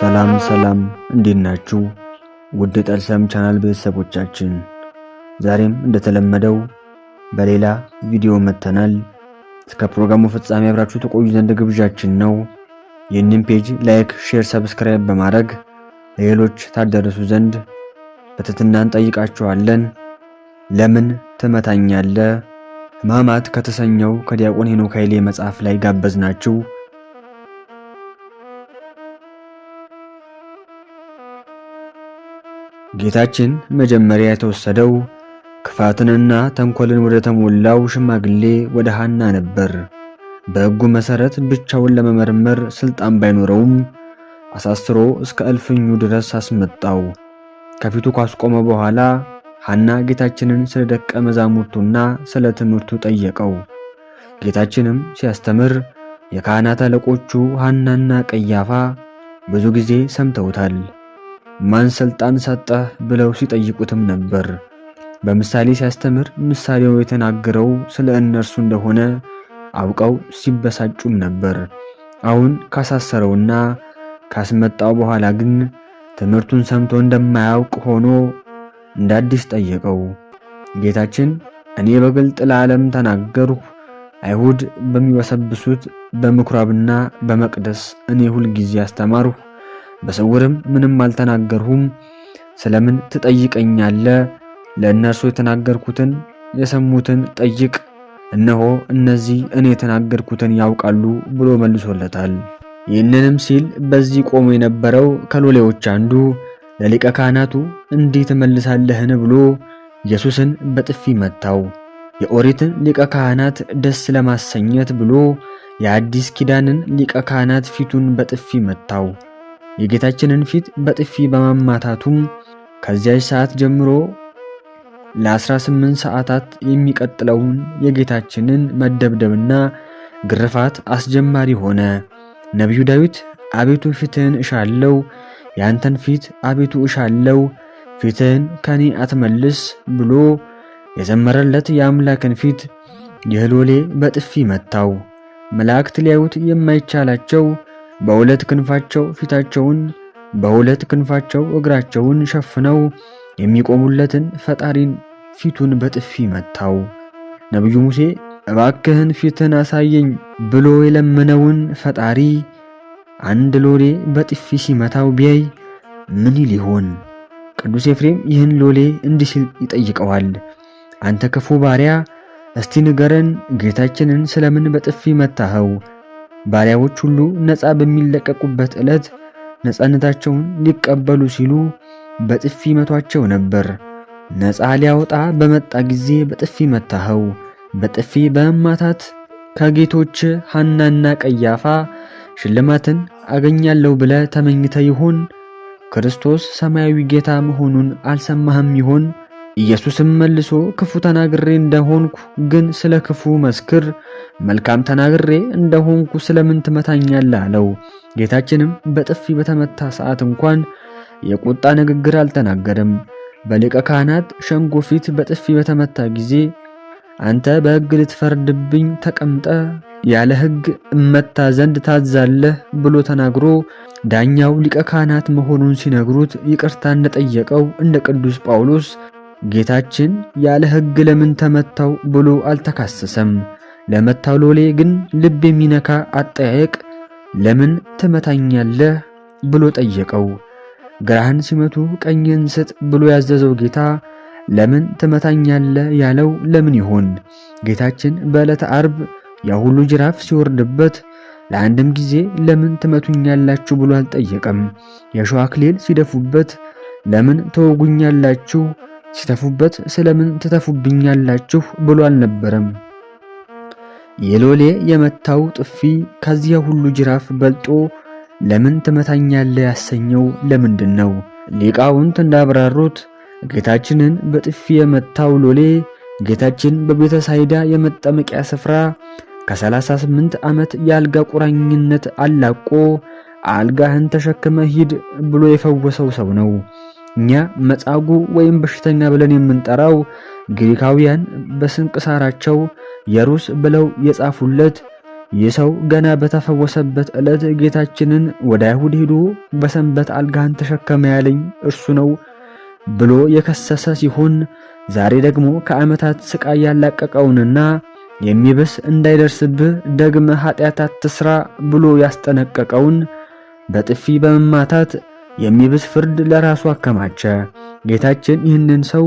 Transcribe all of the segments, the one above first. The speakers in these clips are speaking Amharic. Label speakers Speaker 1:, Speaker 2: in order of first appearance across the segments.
Speaker 1: ሰላም ሰላም፣ እንዴት ናችሁ? ውድ ጠልሰም ቻናል ቤተሰቦቻችን ዛሬም እንደተለመደው በሌላ ቪዲዮ መጥተናል። እስከ ፕሮግራሙ ፍጻሜ አብራችሁ ተቆዩ ዘንድ ግብዣችን ነው። ይህንን ፔጅ ላይክ፣ ሼር፣ ሰብስክራይብ በማድረግ ለሌሎች ታደርሱ ዘንድ በትህትና እንጠይቃችኋለን። ለምን ትመታኛለህ? ሕማማት ከተሰኘው ከዲያቆን ሄኖክ ኃይሌ መጽሐፍ ላይ ጋበዝናችሁ። ጌታችን መጀመሪያ የተወሰደው ክፋትንና ተንኮልን ወደ ተሞላው ሽማግሌ ወደ ሐና ነበር። በሕጉ መሠረት ብቻውን ለመመርመር ሥልጣን ባይኖረውም አሳስሮ እስከ እልፍኙ ድረስ አስመጣው። ከፊቱ ካስቆመ በኋላ ሐና ጌታችንን ስለ ደቀ መዛሙርቱና ስለ ትምህርቱ ጠየቀው። ጌታችንም ሲያስተምር የካህናት አለቆቹ ሐናና ቀያፋ ብዙ ጊዜ ሰምተውታል። ማን ስልጣን ሰጠህ ብለው ሲጠይቁትም ነበር። በምሳሌ ሲያስተምር ምሳሌው የተናገረው ስለ እነርሱ እንደሆነ አውቀው ሲበሳጩም ነበር። አሁን ካሳሰረውና ካስመጣው በኋላ ግን ትምህርቱን ሰምቶ እንደማያውቅ ሆኖ እንደ አዲስ ጠየቀው። ጌታችን እኔ በግልጥ ለዓለም ተናገርሁ፣ አይሁድ በሚበሰብሱት በምኩራብና በመቅደስ እኔ ጊዜ አስተማርሁ በስውርም ምንም አልተናገርሁም። ስለምን ትጠይቀኛለ? ለእነርሱ የተናገርኩትን የሰሙትን ጠይቅ፣ እነሆ እነዚህ እኔ የተናገርኩትን ያውቃሉ ብሎ መልሶለታል። ይህንንም ሲል በዚህ ቆሞ የነበረው ከሎሌዎች አንዱ ለሊቀ ካህናቱ እንዲህ ትመልሳለህን ብሎ ኢየሱስን በጥፊ መታው። የኦሪትን ሊቀ ካህናት ደስ ለማሰኘት ብሎ የአዲስ ኪዳንን ሊቀ ካህናት ፊቱን በጥፊ መታው። የጌታችንን ፊት በጥፊ በማማታቱም ከዚያች ሰዓት ጀምሮ ለ18 ሰዓታት የሚቀጥለውን የጌታችንን መደብደብና ግርፋት አስጀማሪ ሆነ። ነቢዩ ዳዊት አቤቱ ፊትህን እሻለው፣ ያንተን ፊት አቤቱ እሻለው፣ ፊትህን ከኔ አትመልስ ብሎ የዘመረለት የአምላክን ፊት የህሎሌ በጥፊ መታው። መላእክት ሊያዩት የማይቻላቸው በሁለት ክንፋቸው ፊታቸውን በሁለት ክንፋቸው እግራቸውን ሸፍነው የሚቆሙለትን ፈጣሪን ፊቱን በጥፊ መታው። ነቢዩ ሙሴ እባክህን ፊትን አሳየኝ ብሎ የለመነውን ፈጣሪ አንድ ሎሌ በጥፊ ሲመታው ቢያይ ምን ይል ይሆን? ቅዱስ ኤፍሬም ይህን ሎሌ እንዲህ ሲል ይጠይቀዋል። አንተ ክፉ ባሪያ፣ እስቲ ንገረን ጌታችንን ስለምን በጥፊ መታኸው? ባሪያዎች ሁሉ ነፃ በሚለቀቁበት ዕለት ነፃነታቸውን ሊቀበሉ ሲሉ በጥፊ መቷቸው ነበር። ነፃ ሊያወጣ በመጣ ጊዜ በጥፊ መታኸው። በጥፊ በመማታት ከጌቶች ሐናና ቀያፋ ሽልማትን አገኛለሁ ብለ ተመኝተ ይሆን? ክርስቶስ ሰማያዊ ጌታ መሆኑን አልሰማህም ይሆን? ኢየሱስም መልሶ ክፉ ተናግሬ እንደሆንኩ ግን ስለ ክፉ መስክር፣ መልካም ተናግሬ እንደሆንኩ ስለምን ትመታኛለህ? አለው። ጌታችንም በጥፊ በተመታ ሰዓት እንኳን የቁጣ ንግግር አልተናገረም። በሊቀ ካህናት ሸንጎ ፊት በጥፊ በተመታ ጊዜ አንተ በሕግ ልትፈርድብኝ ተቀምጠ ያለ ሕግ እመታ ዘንድ ታዛለህ ብሎ ተናግሮ ዳኛው ሊቀ ካህናት መሆኑን ሲነግሩት ይቅርታ እንደጠየቀው እንደ ቅዱስ ጳውሎስ ጌታችን ያለ ሕግ ለምን ተመታው ብሎ አልተካሰሰም። ለመታው ሎሌ ግን ልብ የሚነካ አጠያየቅ ለምን ትመታኛለህ ብሎ ጠየቀው። ግራህን ሲመቱ ቀኝን ስጥ ብሎ ያዘዘው ጌታ ለምን ትመታኛለህ ያለው ለምን ይሆን? ጌታችን በዕለተ አርብ ያ ሁሉ ጅራፍ ሲወርድበት ለአንድም ጊዜ ለምን ትመቱኛላችሁ ብሎ አልጠየቀም። የሸዋ አክሊል ሲደፉበት ለምን ተወጉኛላችሁ ሲተፉበት ስለምን ትተፉብኛላችሁ ብሎ አልነበረም። የሎሌ የመታው ጥፊ ከዚያ ሁሉ ጅራፍ በልጦ ለምን ትመታኛለህ ያሰኘው ለምንድን ነው? ሊቃውንት እንዳብራሩት ጌታችንን በጥፊ የመታው ሎሌ ጌታችን በቤተ ሳይዳ የመጠመቂያ ስፍራ ከ38 ዓመት የአልጋ ቁራኝነት አላቆ አልጋህን ተሸክመ ሂድ ብሎ የፈወሰው ሰው ነው። እኛ መጻጉ ወይም በሽተኛ ብለን የምንጠራው ግሪካውያን በስንቅሳራቸው የሩስ ብለው የጻፉለት ይህ ሰው ገና በተፈወሰበት ዕለት ጌታችንን ወደ አይሁድ ሄዶ በሰንበት አልጋህን ተሸከመ ያለኝ እርሱ ነው ብሎ የከሰሰ ሲሆን ዛሬ ደግሞ ከዓመታት ስቃይ ያላቀቀውንና የሚብስ እንዳይደርስብህ ደግመ ኃጢአት አትስራ ብሎ ያስጠነቀቀውን በጥፊ በመማታት የሚብስ ፍርድ ለራሱ አከማቸ። ጌታችን ይህንን ሰው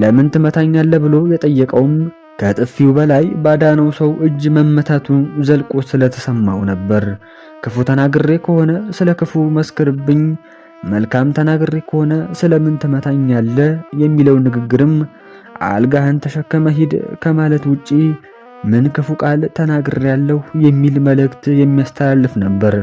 Speaker 1: ለምን ትመታኛለህ ብሎ የጠየቀውም ከጥፊው በላይ ባዳነው ሰው እጅ መመታቱ ዘልቆ ስለተሰማው ነበር። ክፉ ተናግሬ ከሆነ ስለ ክፉ መስክርብኝ፣ መልካም ተናግሬ ከሆነ ስለምን ትመታኛለህ የሚለው ንግግርም አልጋህን ተሸከመ ሂድ ከማለት ውጪ ምን ክፉ ቃል ተናግሬያለሁ የሚል መልእክት የሚያስተላልፍ ነበር።